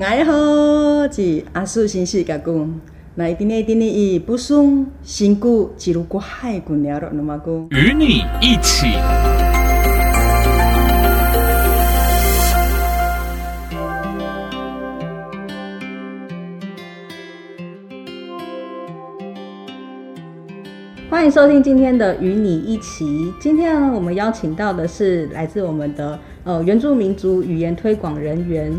哎好，是阿叔先說個公，那一天那一天伊不送辛苦，只如過海過鳥了那麼公。與你一起，歡迎收聽今天的《與你一起》。今天我們邀請到的是來自我們的呃原住民族語言推廣人員。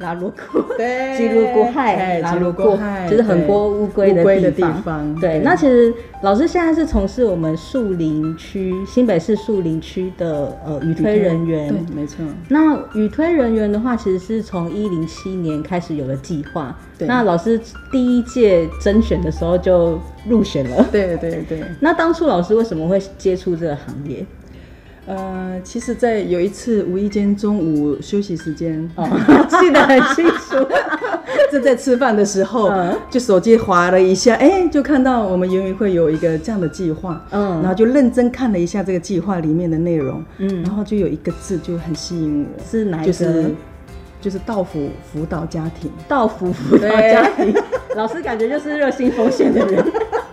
拉魯國，對，吉魯國海，拉魯國海，就是很多烏龜的地方。對，烏龜的地方，對、嗯，那其實老師現在是從事我們樹林區新北市樹林區的呃語推人員。對，沒錯。那語推人員的話，其實是從一零七年開始有了計劃。那老師第一屆甄選的時候就入選了。對對對。那當初老師為什麼會接觸這個行業？呃，其實，在有一次無意間中午休息時間，記、oh. 得很清楚， 正在吃飯的時候，uh. 就手機滑了一下，哎、欸，就看到我們原民會有一個這樣的計劃，嗯，然後就認真看了一下這個計劃裡面的內容，嗯，然後就有一個字就很吸引我，是哪個？就是就是到府輔導家庭，到府輔導家庭， 老師感覺就是熱心奉獻的人，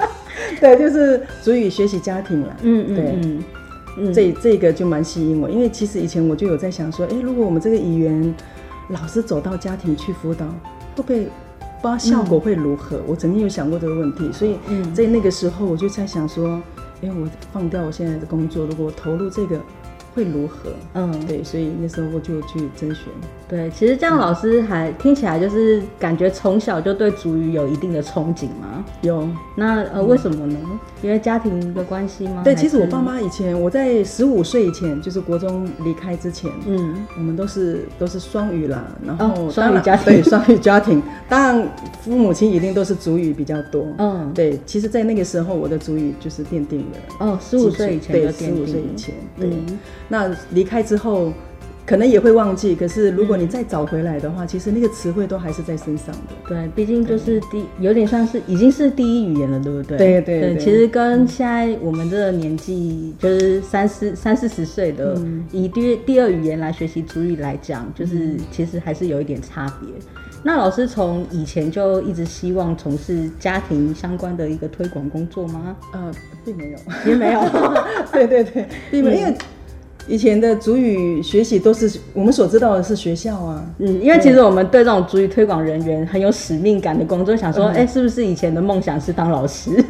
對，就是族語學習家庭了，嗯嗯，嗯。對。嗯、這這個就蠻吸引我，因為其實以前我就有在想說，哎，如果我們這個語言老師走到家庭去輔導，會不會，不知道效果會如何？嗯，我曾經有想過這個問題，所以在那個時候我就在想說，哎、嗯，我放掉我現在的工作，如果我投入這個。會如何？嗯，對，所以那時候我就去甄選。對，其實這樣老師還、嗯、聽起來就是感覺從小就對族語有一定的憧憬嗎？有。那呃、嗯，為什麼呢？因為家庭的關係嗎？對，其實我爸媽以前，我在十五歲以前，就是國中離開之前，嗯，我們都是都是雙語啦，然後雙語家庭，對、哦，雙語家庭，當然， 當然父母親一定都是族語比較多。嗯、哦，對，其實，在那個時候，我的族語就是奠定了。哦，十五歲以前，對，十五歲以前，嗯、對。那離開之後，可能也會忘記。可是如果你再找回來的話，嗯、其實那個詞彙都還是在身上的。對，畢竟就是第、嗯、有點像是已經是第一語言了，對不對？對對對，對，對。其實跟現在我們這個年紀、嗯，就是三四三四十歲的、嗯、以第第二語言來學習族語來講，就是其實還是有一點差別、嗯。那老師從以前就一直希望從事家庭相關的一個推廣工作嗎？呃，並沒有，也沒有。 對對對，並沒有。嗯以前的族語學習都是我們所知道的是學校啊，嗯，因為其實我們對這種族語推廣人員很有使命感的工作，嗯、想說，哎、欸，是不是以前的夢想是當老師？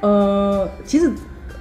嗯、 呃，其實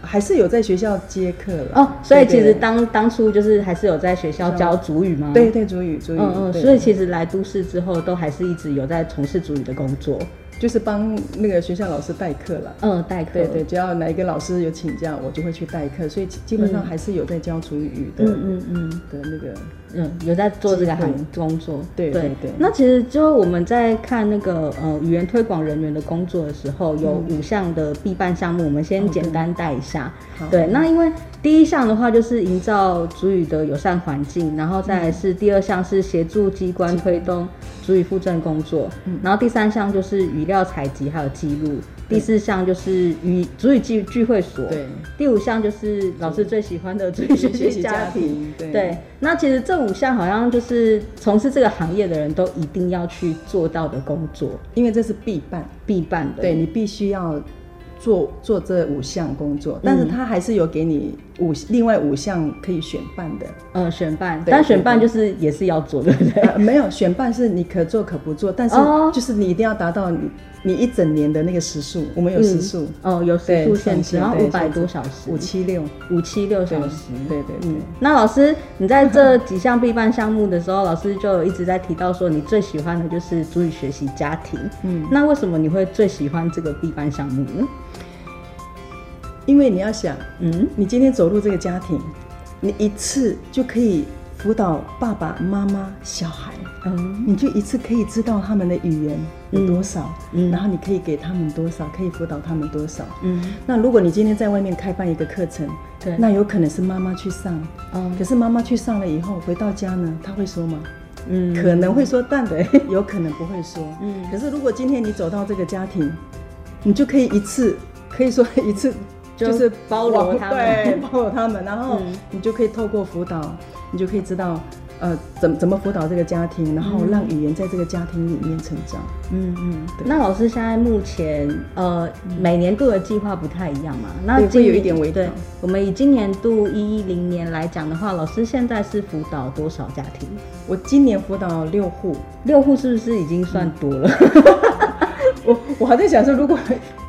還是有在學校接課了哦，所以其實當對對對當初就是還是有在學校教族語嗎？對對,對，族語族語，嗯嗯對對對，所以其實來都市之後，都還是一直有在從事族語的工作。就是幫那個學校老師，代課了，嗯，代課，對對，只要哪一個老師有請假，我就會去代課，所以基本上還是有在教族語的，嗯的嗯，嗯，嗯的那個。嗯、有在做這個行業工作。對對對，對，對，那其實就我們在看那個呃語言推廣人員的工作的時候，嗯、有五項的必辦項目，我們先簡單帶一下。哦、對，對，那因為第一項的話就是營造族語的友善環境，然後再來是第二項是協助機關推動族語復振工作，然後第三項就是語料採集還有記錄。第四項就是與族語聚聚會所，對。第五項就是老師最喜歡的族語學習家庭，家庭對，對。那其實這五項好像就是從事這個行業的人都一定要去做到的工作，因為這是必辦必辦的，對，你必須要做做這五項工作。嗯、但是他還是有給你五另外五項可以選辦的，呃選辦對，但選辦就是也是要做，對不對，對、啊？沒有選辦是你可做可不做， 但是就是你一定要達到你。你一整年的那個時數，我們有時數、嗯、哦，有時數限制，然後五百多小時，五七六，五七六小時，對對對,對、嗯。那老師，你在這幾項必辦項目的時候，嗯、老師就一直在提到說，你最喜歡的就是族語學習家庭。嗯，那為什麼你會最喜歡這個必辦項目呢？因為你要想，嗯，你今天走入這個家庭，你一次就可以輔導爸爸媽媽、小孩，嗯，你就一次可以知道他們的語言。有多少嗯？嗯，然後你可以給他們多少，可以輔導他們多少。嗯，那如果你今天在外面開辦一個課程，對，那有可能是媽媽去上啊、嗯。可是媽媽去上了以後，回到家呢，他會說嗎？嗯，可能會說，嗯、但得有可能不會說。嗯，可是如果今天你走到這個家庭，你就可以一次可以說一次，就是就包容、包容他們，對，包容他們，然後、嗯、你就可以透過輔導，你就可以知道。呃，怎麼怎麼輔導這個家庭，然後讓語言在這個家庭裡面成長？嗯嗯,嗯對，那老師現在目前呃，每年度的計劃不太一樣嘛，那這有一點味對。我們以今年度一一零年來講的話，老師現在是輔導多少家庭？我今年輔導六戶，嗯、六戶是不是已經算多了？嗯 我還在想說，如果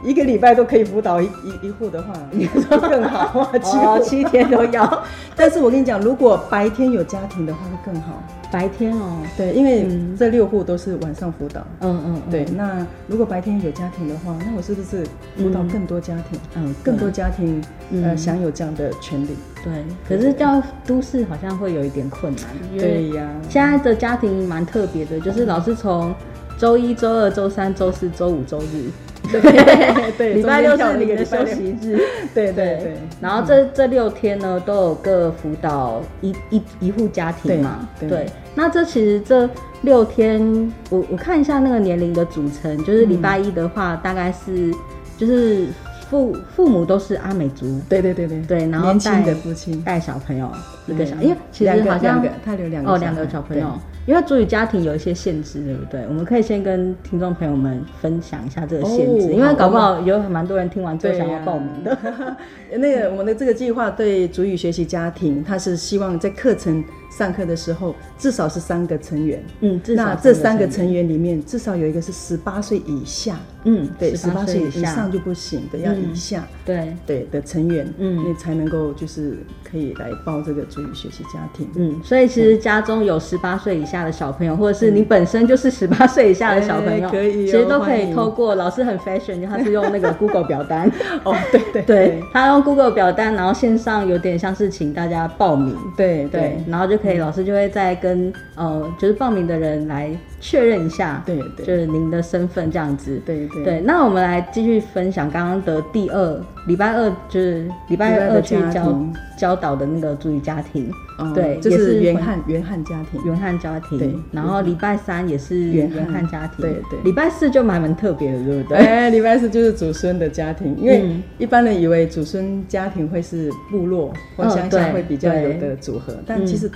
一個禮拜都可以輔導一一一戶的話， 你說更好啊？起七、哦、七天都要。 但是我跟你講，如果白天有家庭的話，會更好。白天哦，對，因為這六戶都是晚上輔導。嗯嗯，嗯，嗯對，對。那如果白天有家庭的話，那我是不是輔導更多家庭？嗯，更多家庭嗯嗯呃享有這樣的權利。對。對對，可是到都市好像會有一點困難。對呀，啊。現在的家庭蠻特別的，就是老是從。周一、周二、周三、周四、周五、周日。對，禮 拜六是你的休息日， 對對對，對。然後這、嗯、這六天呢，都有個輔導一一一戶家庭嘛對對，對。那這其實這六天，我我看一下那個年齡的組成，就是禮拜一的話，嗯、大概是就是。父父母都是阿美族，對對對對對，年輕的父親帶帶小朋友，一、嗯這個小朋友，因、哎、為其實好像他留兩個哦，兩個小朋友，因為族語家庭有一些限制，對不對？我們可以先跟聽眾朋友們分享一下這個限制，哦、因為搞不好有蠻多人聽完之後想要報名的、哦。那個我們的這個計劃對族語學習家庭，他是希望在課程上課的時候至少是三個成員，嗯，至少那這三個成員裡面至少有一個是十八歲以下。嗯，對，十八歲以上就不行，得、嗯、要以下、嗯、對對的成員，嗯，你才能夠就是可以來報這個族語學習家庭。嗯，所以其實家中有十八歲以下的小朋友，或者是你本身就是十八歲以下的小朋友，嗯欸、可以、哦，其實都可以透過老師很 fashion，他是用那個 Google 表單。 哦，對，對對對，他用 Google 表單，然後線上有點像是請大家報名，對對，對對然後就可以，老師就會再跟、嗯、呃，就是報名的人來。確認一下，對，對，對，就是您的身份這樣子，對對對。對，那我們來繼續分享剛剛的第二禮拜二，就是禮拜二,二去教的教導的那個族語家庭，哦、對，就是原漢原漢家庭，原漢家庭。對，然後禮拜三也是原漢家庭，對對、對。禮拜四就蠻蠻特別的，對不對？哎，哎，禮拜四就是祖孫的家庭，因為、嗯、一般人以為祖孫家庭會是部落或鄉下會比較有的組合，哦，但其實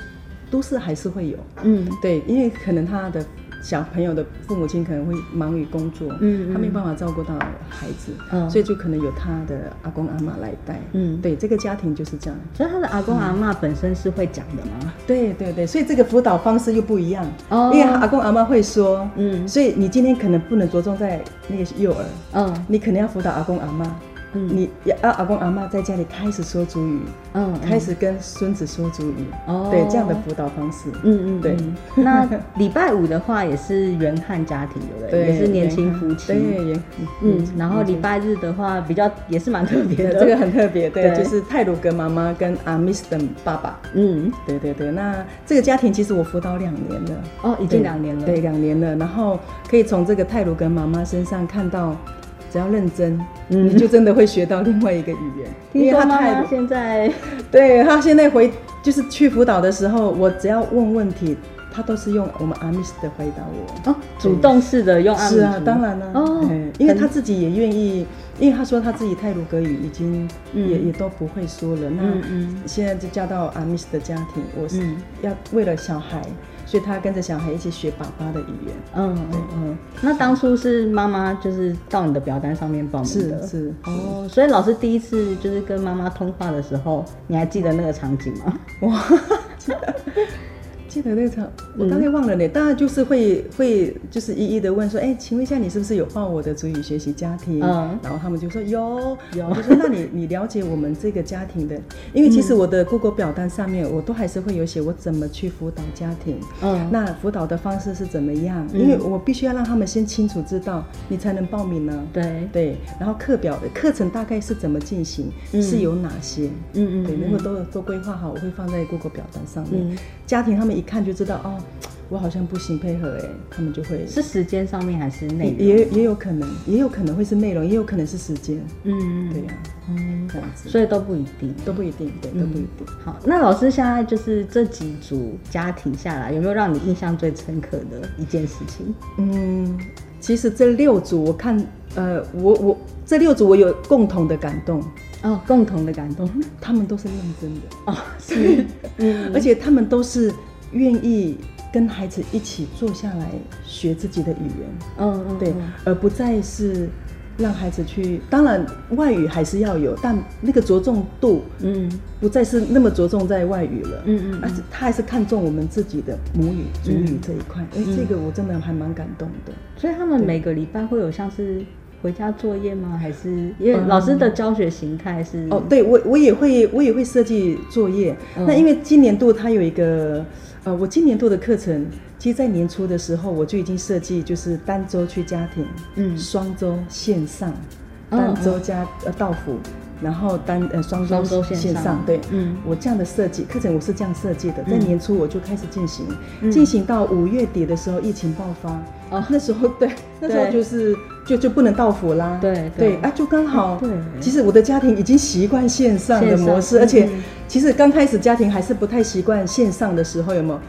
都市還是會有，嗯，嗯對，因為可能他的。小朋友的父母親可能會忙於工作，嗯，嗯，他沒辦法照顧到孩子，嗯，所以就可能由他的阿公阿媽來帶，嗯，對，這個家庭就是這樣。所以他的阿公阿媽本身是會講的嗎？嗯，對對對，所以這個輔導方式又不一樣，哦，因為阿公阿媽會說，嗯，所以你今天可能不能着重在那個幼兒，嗯，你可能要輔導阿公阿媽。嗯、你阿、啊、阿公阿媽在家裡開始說族語，嗯，開始跟孫子說族語，哦、嗯，對哦，這樣的輔導方式，嗯嗯，對。嗯、 那禮拜五的話也是原漢家庭，對，也是年輕夫妻。嗯嗯。嗯，然後禮拜日的話比較也是蠻特別的，這個很特別，對，就是太魯閣媽媽跟阿美斯爸爸。嗯，對對對。那這個家庭其實我輔導兩年了，哦，已經兩年了，對，兩年了。然後可以從這個太魯閣媽媽身上看到。只要認真、嗯，你就真的會學到另外一個語言。媽媽因為媽媽現在，對他現在回就是去輔導的時候，我只要問問題，他都是用我們阿密斯的回答我。哦，主動式的用阿。阿是啊，當然了、啊。哦，因為他自己也願意、哦，因為他說他自己太魯閣語已經也、嗯、也都不會說了嗯嗯。那現在就嫁到阿密斯的家庭，我是要為了小孩。就他跟着小孩一起學爸爸的語言，嗯嗯嗯。那當初是媽媽就是到你的表單上面報名的，是的是的哦是的。所以老師第一次就是跟媽媽通話的時候，你還記得那個場景嗎？哇。 記得那場，我剛才忘了呢。當然就是會會就是一一的問說，哎、欸，請問一下你是不是有報我的族語學習家庭？啊、嗯、然後他們就說有有，我就說那你你了解我們這個家庭的？因為其實我的 Google 表單上面我都還是會有寫我怎麼去輔導家庭？嗯，那輔導的方式是怎麼樣？因為我必須要讓他們先清楚知道你才能報名呢、啊。對對，然後課表的課程大概是怎麼進行、嗯？是有哪些？嗯嗯，對，如果都都規劃好，我會放在 Google 表單上面。嗯、家庭他們一。一看就知道哦，我好像不行配合，哎、欸，他們就會是時間上面還是內容？也也有可能，也有可能會是內容，也有可能是時間。嗯，嗯，嗯對、啊，對呀，嗯，這樣子，所以都不一定、啊，都不一定，對、嗯，都不一定。好，那老師現在就是這幾組家庭下來，有沒有讓你印象最深刻的一件事情？嗯，其實這六組我看，呃，我我這六組我有共同的感動哦，共同的感動，他們都是認真的啊、哦，是，嗯嗯 而且他們都是。願意跟孩子一起坐下來學自己的語言，嗯，對，嗯、而不再是讓孩子去。當然，外語還是要有，但那個着重度，嗯，不再是那麼着重在外語了，嗯嗯，而、啊、且他還是看重我們自己的母語族、嗯、語這一塊。哎、嗯欸，這個我真的還蠻感動的、嗯。所以他們每個禮拜會有像是回家作業嗎？還是因為老師的教學形態是、那個？哦，對，我我也會我也會設計作業、嗯。那因為今年度他有一個。呃，我今年度的課程，其實在年初的時候我就已經設計，就是單週去家庭，嗯，雙週線上，單週加、oh, okay. 呃到府。然後單呃雙周線，線上，對，嗯，我這樣的設計課程我是這樣設計的，在年初我就開始進行，嗯、進行到五月底的時候，疫情爆發，啊、嗯，那時候對，對，那時候就是就就不能到府啦，對對，對，啊，就剛好對，對，其實我的家庭已經習慣線上的模式，而且、嗯、其實剛開始家庭還是不太習慣線上的時候，有沒有？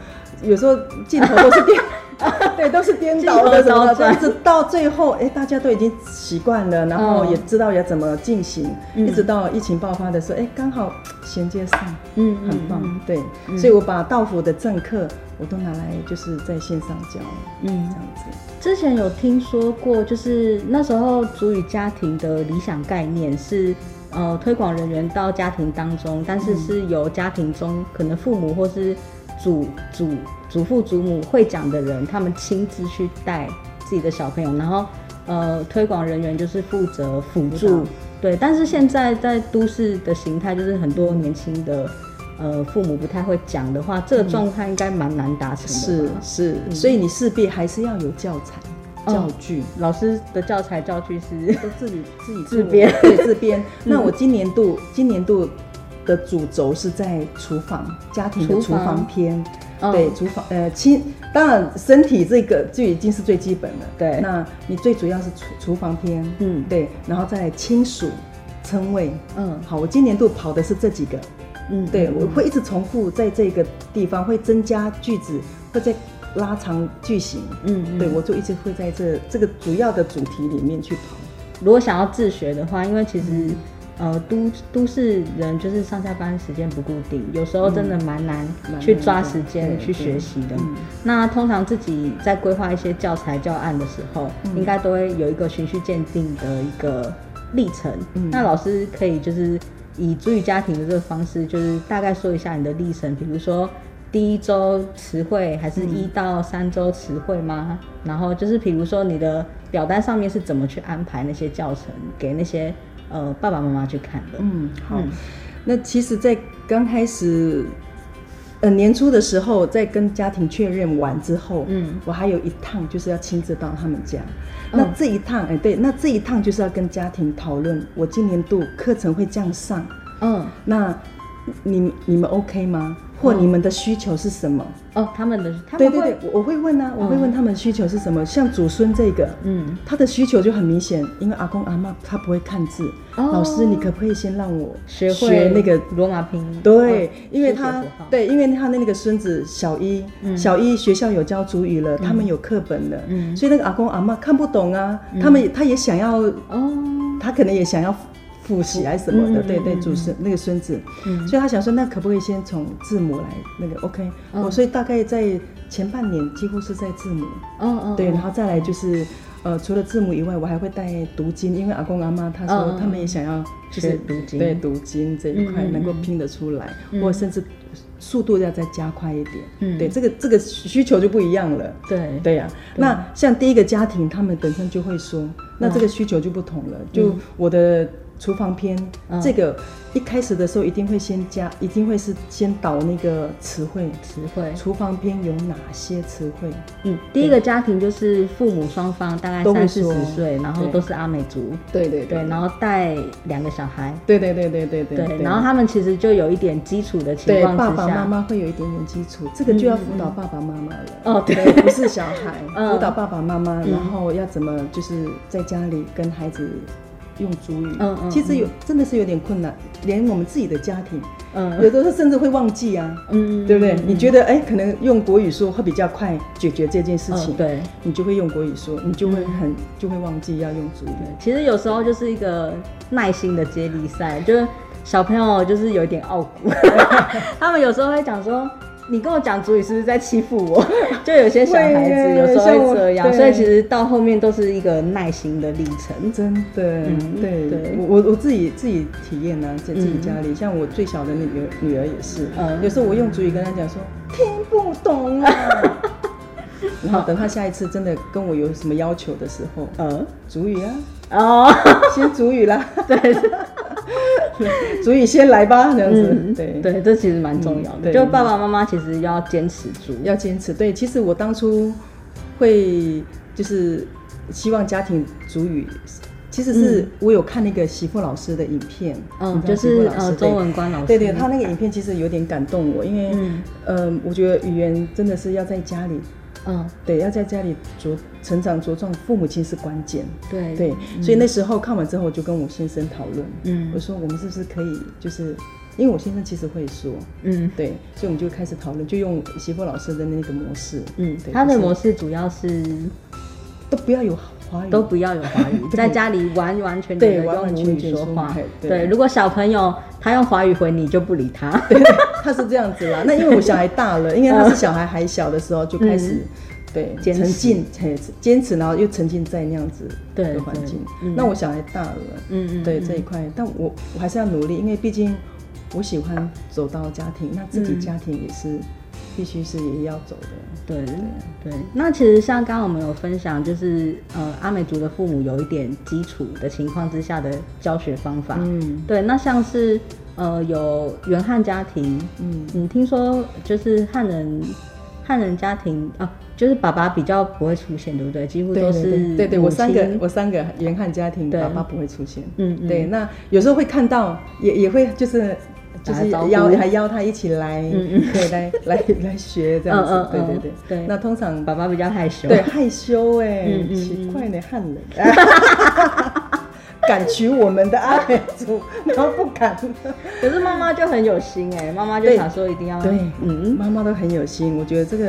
有時候鏡頭都是電。 對，都是顛倒了的時候，一直到最後，哎、欸，大家都已經習慣了，然後也知道也要怎麼進行、哦嗯，一直到疫情爆發的時候，哎、欸，剛好銜接上，嗯，嗯，嗯，嗯，很棒，對、嗯，所以我把到府的正課我都拿來就是在線上教，嗯，這樣子。之前有聽說過，就是那時候族語家庭的理想概念是，呃，推廣人員到家庭當中，但是是由家庭中可能父母或是。祖祖祖父祖母會講的人，他們親自去帶自己的小朋友，然後呃，推廣人員就是負責輔助，輔導。對。但是現在在都市的形態，就是很多年輕的、嗯、呃父母不太會講的話，這個狀態應該蠻難達成的、嗯。是是、嗯，所以你勢必還是要有教材、教具，嗯、老師的教材教具是都自己自己自編，自編。對，自編，自編。那我今年度，嗯、今年度，的主軸是在廚房，家庭的廚房篇、嗯，對廚房，呃，親，當然身體這個就已經是最基本的，對、嗯。那你最主要是廚廚房篇，嗯，對，然後再來親屬稱謂，嗯，好，我今年度跑的是這幾個，嗯，對，我會一直重複在這個地方，會增加句子，會再拉長句型，嗯，對，我就一直會在這這個主要的主題裡面去跑。如果想要自學的話，因為其實、嗯。呃，都都市人就是上下班時間不固定，有時候真的蠻難去抓時間去學習的。嗯的嗯、那通常自己在規劃一些教材教案的時候，嗯、應該都會有一個循序漸進的一個歷程、嗯。那老師可以就是以族語家庭的這個方式，就是大概說一下你的歷程，比如說第一周詞彙，還是一到三周詞彙嗎、嗯？然後就是比如說你的表單上面是怎麼去安排那些教程給那些。呃，爸爸媽媽去看了。嗯，好。嗯、那其實，在剛開始，呃，年初的時候，在跟家庭確認完之後，嗯，我還有一趟，就是要親自到他們家。嗯、那這一趟，哎、欸，對，那這一趟就是要跟家庭討論，我今年度課程會這樣上。嗯，那你你們 OK 嗎？或你們的需求是什麼？哦，他們的，們對對對，我會問啊、嗯，我會問他們需求是什麼。像祖孫這個，嗯，他的需求就很明顯，因為阿公阿嬤他不會看字。哦、老師，你可不可以先讓我學會那個學會羅馬拼音？對、哦，因為他學學對，因為他那個孫子小一、嗯，小一學校有教族語了，他們有課本了，嗯、所以那個阿公阿嬤看不懂啊、嗯，他們他也想要哦，他可能也想要。複習還是什麼的，對、嗯嗯嗯嗯嗯、對，祖孫那個孫子、嗯，所以他想說，那可不可以先從字母來？那個 OK，我所以大概在前半年幾乎是在字母，哦哦，對，然後再來就是，oh. 呃，除了字母以外，我還會帶讀經，因為阿公阿媽他說 oh, oh, oh. 他們也想要就是讀經，對讀經這一塊、嗯、能夠拼得出來，嗯、或甚至速度要再加快一點，嗯，對，這個這個需求就不一樣了，對對呀、啊。那像第一個家庭，他們本身就會說、嗯，那這個需求就不同了，就我的。嗯廚房篇、嗯，這個一開始的時候一定會先加，一定會是先導那個詞彙，詞彙。廚房篇有哪些詞彙？嗯，第一個家庭就是父母雙方大概三四十歲，然後都是阿美族，對對對，對，對，然後帶兩個小孩，對，對對對對對對，然後他們其實就有一點基礎的情況之下，對，爸爸媽媽會有一點點基礎、嗯，這個就要輔導爸爸媽媽了。哦、嗯嗯，對，不是小孩，輔、嗯、導爸爸媽媽，然後要怎麼就是在家裡跟孩子。用族語，嗯嗯，其實有真的是有點困難，連我們自己的家庭，嗯，有的時候甚至會忘記啊，嗯，對不對？嗯嗯、你覺得哎、欸，可能用國語說會比較快解決這件事情，嗯、對，你就會用國語說，你就會很、嗯、就會忘記要用族語、嗯。其實有時候就是一個耐心的接力賽，就是小朋友就是有一點傲骨， 他們有時候會講說。你跟我講族語是不是在欺負我？就有些小孩子有時候會這樣，欸、所以其實到後面都是一個耐心的歷程。真的，嗯、對對，我我我自己自己體驗呢、啊，在自己家裡，嗯、像我最小的那個女兒也是、嗯，有時候我用族語跟她講說聽不懂啊。 然後等她下一次真的跟我有什麼要求的時候，嗯，族語啊，哦， 先族語啦，對。 族語先來吧，這樣子。對對，這其實蠻重要的、嗯。就爸爸媽媽其實要堅持住，要堅持。對，其實我當初會就是希望家庭族語，其實是我有看那個媳婦老師的影片，嗯，嗯，就是周、就是哦、文官老師，對對，對，他那個影片其實有點感動我，因為嗯、呃，我覺得語言真的是要在家裡。嗯，對，要在家裡成長茁壯，父母親是關鍵。對對、嗯，所以那時候看完之後，我就跟我先生討論。嗯，我說我們是不是可以，就是因為我先生其實會說。嗯，對，所以我們就開始討論，就用媳婦老師的那個模式。嗯對，他的模式主要是，都不要有華語，都不要有華語， 在家裡完完全全用母語說話。對，完完，對對對，如果小朋友。他用華語回你就不理他 對，他是這樣子啦。那因為我小孩大了，因為他是小孩還小的時候就開始， 嗯、對沉浸，堅、嗯、持，堅持，然後又沉浸在那樣子的環境對對對、嗯。那我小孩大了，嗯嗯，嗯，對這一塊，但我我還是要努力，因為畢竟我喜歡走到家庭，那自己家庭也是。嗯必須是也要走的，對對，對。那其實像剛剛我們有分享，就是呃，阿美族的父母有一點基礎的情況之下的教學方法，嗯，對。那像是呃，有原漢家庭，嗯，你聽說就是漢人漢人家庭啊，就是爸爸比較不會出現，對不對？幾乎都是對，對對。我三個我三個原漢家庭，爸爸不會出現，嗯，嗯，對。那有時候會看到，也也會就是。就是邀還邀他一起來，嗯嗯對，來來來學這樣子， 嗯嗯嗯對對對對，對，對，對。那通常爸爸比較害羞對，害羞哎、欸，奇、嗯嗯嗯、怪的漢人敢娶我們的阿美族，然後不敢。 可是媽媽就很有心哎、欸，媽媽就想說一定要來對，對，嗯，嗯，媽媽都很有心，我覺得這個。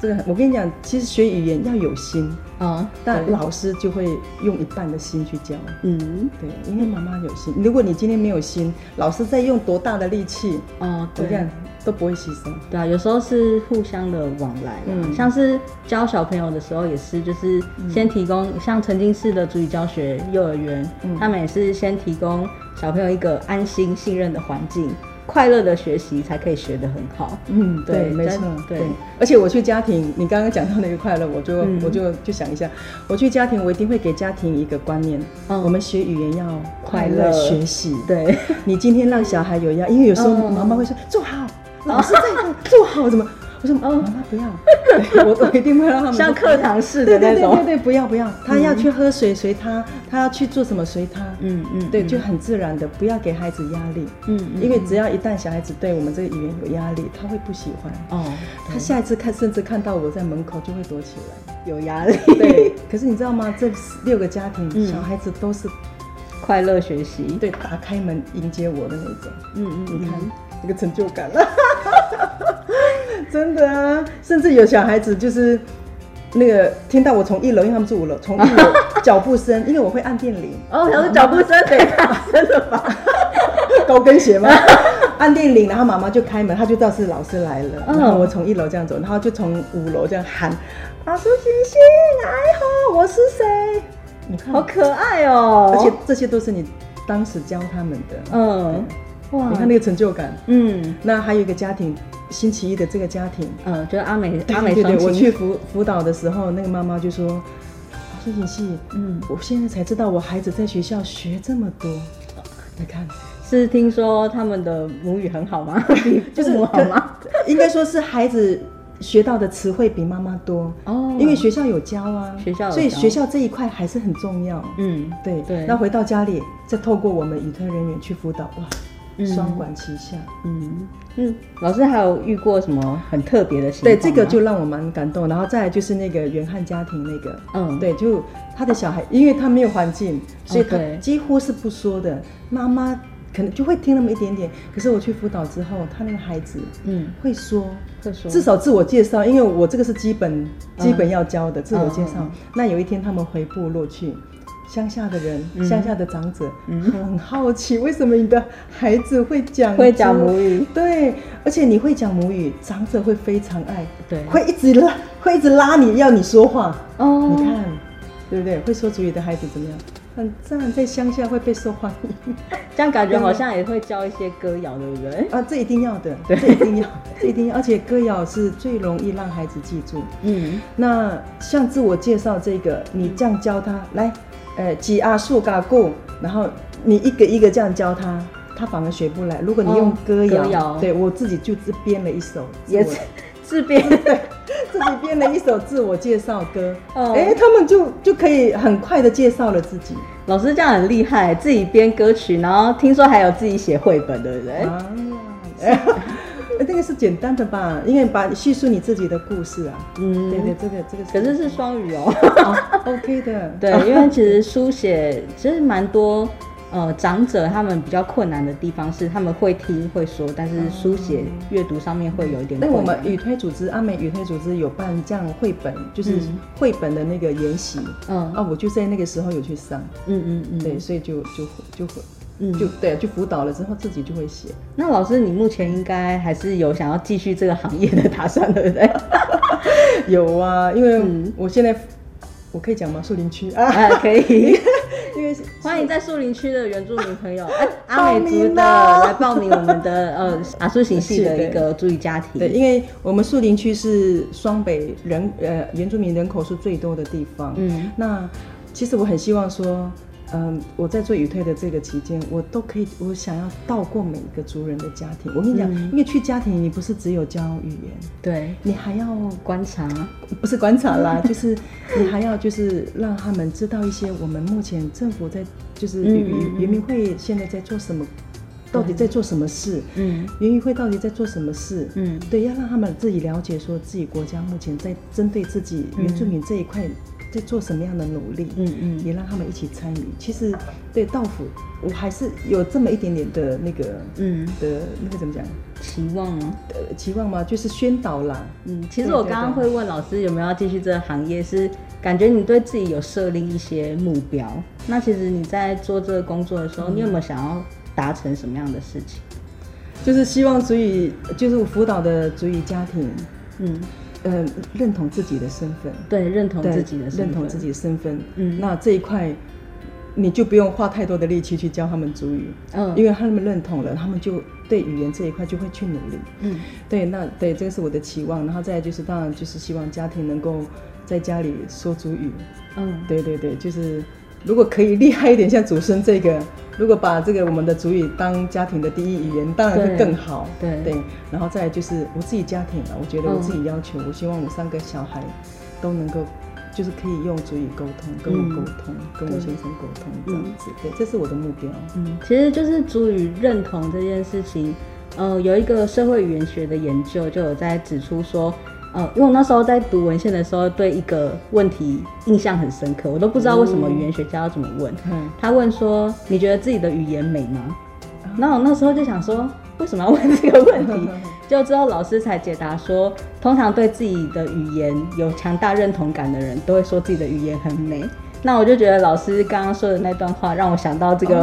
這個我跟你講，其實學語言要有心啊、嗯，但老師就會用一半的心去教。嗯，對，因為媽媽有心。如果你今天沒有心，老師再用多大的力氣，哦、嗯，對這樣都不會犧牲。對啊，有時候是互相的往來。嗯，像是教小朋友的時候，也是就是先提供，嗯、像沉浸式的族語教學幼兒園、嗯，他們也是先提供小朋友一個安心信任的環境。快樂的學習才可以學得很好。嗯對，對，沒錯，對。而且我去家庭，你剛剛講到那個快樂，我就、嗯、我就就想一下，我去家庭，我一定會給家庭一個觀念：哦、我們學語言要快樂學習，學習。對 你今天讓小孩有壓力，因為有時候媽媽會說：“坐、哦、好，好，老師在坐，坐 好怎麼？”我說：“哦，媽媽不要，對，我，我一定會讓他們像課堂似的那種，對對，對，對，不要不要、嗯，他要去喝水隨他，他要去做什麼隨他，嗯嗯，對，就很自然的，嗯、不要給孩子壓力，嗯嗯，因為只要一旦小孩子對我們這個語言有壓力，他會不喜歡哦，他下一次看甚至看到我在門口就會躲起來，有壓力。對， 可是你知道嗎？這六個家庭、嗯、小孩子都是快樂學習，對，對，打開門迎接我的那種，嗯嗯，你看、嗯嗯嗯、這個成就感了。 ”真的啊，甚至有小孩子就是，那個聽到我從一樓，因為他們住五樓，從一樓腳步聲，因為我會按電鈴哦，然後腳步聲得大，真的嗎？高跟鞋嗎？ 按電鈴，然後媽媽就開門，他就知道是老師來了。嗯，然後我從一樓這樣走，然後就從五樓這樣喊：“阿、啊、叔星星哎吼，我是誰？”你看，好可愛哦！而且這些都是你當時教他們的嗯。嗯，哇，你看那個成就感。嗯，那還有一個家庭。星期一的這個家庭，嗯，就是阿美，阿美，對對，我去輔輔導的時候，那個媽媽就說：“蘇景熙，嗯，我現在才知道我孩子在學校學這麼多。你看，是聽說他們的母語很好嗎？ 就是母語好嗎？應該說是孩子學到的詞彙比媽媽多哦，因為學校有教啊，學校有教，所以學校這一塊還是很重要。嗯，對，對，那回到家裡再透過我們族語人員去輔導哇！雙管齊下，嗯嗯，老師還有遇過什麼很特別的事情？對，這個就讓我蠻感動。然後再來就是那個原漢家庭，那個，嗯，對，就他的小孩，因為他沒有環境，所以他幾乎是不說的。okay. 媽媽可能就會聽那麼一點點。可是我去輔導之後，他那個孩子，嗯，會說，會說，至少自我介紹，因為我這個是基本基本要教的，嗯、自我介紹、嗯。那有一天他們回部落去。鄉下的人，鄉下、嗯、鄉下的長者、嗯、很好奇，為什麼你的孩子會講會講母語？對，而且你會講母語，長者會非常愛。對，對，會一直拉，會一直拉你要你說話。哦，你看，對不對？會說族語的孩子怎麼樣？很讚，在鄉下會被受歡迎。這樣感覺好像也會教一些歌謠、嗯，對不對？啊，這一定要的，這一定要，這一定要，而且歌謠是最容易讓孩子記住。嗯，那像自我介紹這個，你這樣教他、嗯、來。呃，幾阿數嘎固，然後你一個一個這樣教他，他反而學不來。如果你用歌謠，嗯，歌謠。對，我自己就自編了一首，也是自編的，自己編了一首自我介紹歌。哦、哎，他們就就可以很快的介紹了自己。老師這樣很厲害，自己編歌曲，然後聽說還有自己寫繪本的人。啊 那、這個是簡單的吧？應該把敘述你自己的故事啊。嗯，對對，這個這個。可是是雙語哦。 OK 的。對，因為其實書寫其實蠻多呃，長者他們比較困難的地方是他們會聽會說，但是書寫、嗯、閱讀上面會有一點困難。那、嗯嗯、我們語推組織，阿美語推組織有辦這樣繪本，就是繪本的那個研習。嗯。哦、啊，我就在那個時候有去上。嗯嗯嗯。對，所以就就就會。就會嗯，就對，就輔導了之後自己就會寫。那老師，你目前應該還是有想要繼續這個行業的打算，對不對？ 有啊，因為我現在、嗯、我可以講嗎？樹林區啊，啊，可以， 因為 歡迎在樹林區的原住民朋友， 阿美族的來報名我們的呃族語學習的一個族語家庭對。對，因為我們樹林區是雙北人呃原住民人口數最多的地方。嗯，那其實我很希望說。嗯，我在做語推的這個期間，我都可以，我想要到過每一個族人的家庭。我跟你講、嗯，因為去家庭，你不是只有教語言，對，你還要觀察，不是觀察啦， 就是你還要就是讓他們知道一些我們目前政府在就是原民會現在在做什麼，嗯嗯嗯到底在做什麼事？嗯，原民會到底在做什麼事？嗯，對，要讓他們自己了解，說自己國家目前在針對自己原住民這一塊。嗯在做什麼樣的努力？嗯嗯，也讓他們一起參與。其實，對道府，我還是有這麼一點點的那個，嗯，的那個怎麼講？期望嗎、啊？呃，期望嘛，就是宣導啦。嗯，其實我剛剛會問老師有沒有要繼續這個行業，是感覺你對自己有設立一些目標。那其實你在做這個工作的時候，嗯、你有沒有想要達成什麼樣的事情？就是希望族語，就是輔導的族語家庭，嗯。呃，認同自己的身份，對，認同自己的身份，認同自己的身份。嗯，那這一塊，你就不用花太多的力氣去教他們族語，嗯，因為他們認同了，他們就對語言這一塊就會去努力。嗯，對，那對，這個是我的期望。然後再來就是，當然就是希望家庭能夠在家裡說族語。嗯，對對對，就是。如果可以厲害一點，像祖孫這個，如果把這個我們的族語當家庭的第一語言，當然會更好。對，對對，然後再就是我自己家庭了，我覺得我自己要求、嗯，我希望我三個小孩都能夠，就是可以用族語溝通，跟我溝通、嗯，跟我先生溝通，這樣子對。對，這是我的目標。嗯，其實就是族語認同這件事情，呃，有一個社會語言學的研究就有在指出說。呃、哦，因為我那時候在讀文獻的時候，對一個問題印象很深刻，我都不知道為什麼語言學家要這麼問、嗯。他問說：“你覺得自己的語言美嗎？”然後我那時候就想說：“為什麼要問這個問題？”就之後老師才解答說，通常對自己的語言有強大認同感的人都會說自己的語言很美。那我就覺得老師剛剛說的那段話，讓我想到這個，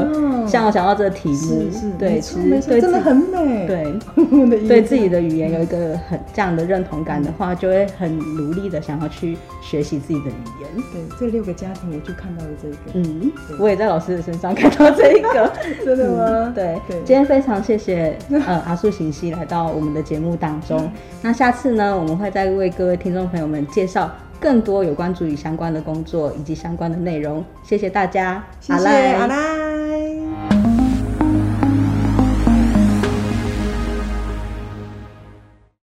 像我想到這個題目，哦、對，其實對,對,對真的很美，對， 對自己的語言有一個很這樣的認同感的話，嗯、就會很努力的想要去學習自己的語言。對，這六個家庭，我就看到了這個。嗯，我也在老師的身上看到這一個， 真的嗎、嗯對？對，今天非常謝謝呃 阿樹行西來到我們的節目當中、嗯。那下次呢，我們會再為各位聽眾朋友們介紹。更多有關族語相關的工作以及相關的內容，謝謝大家。好嘞，好啦。好啦。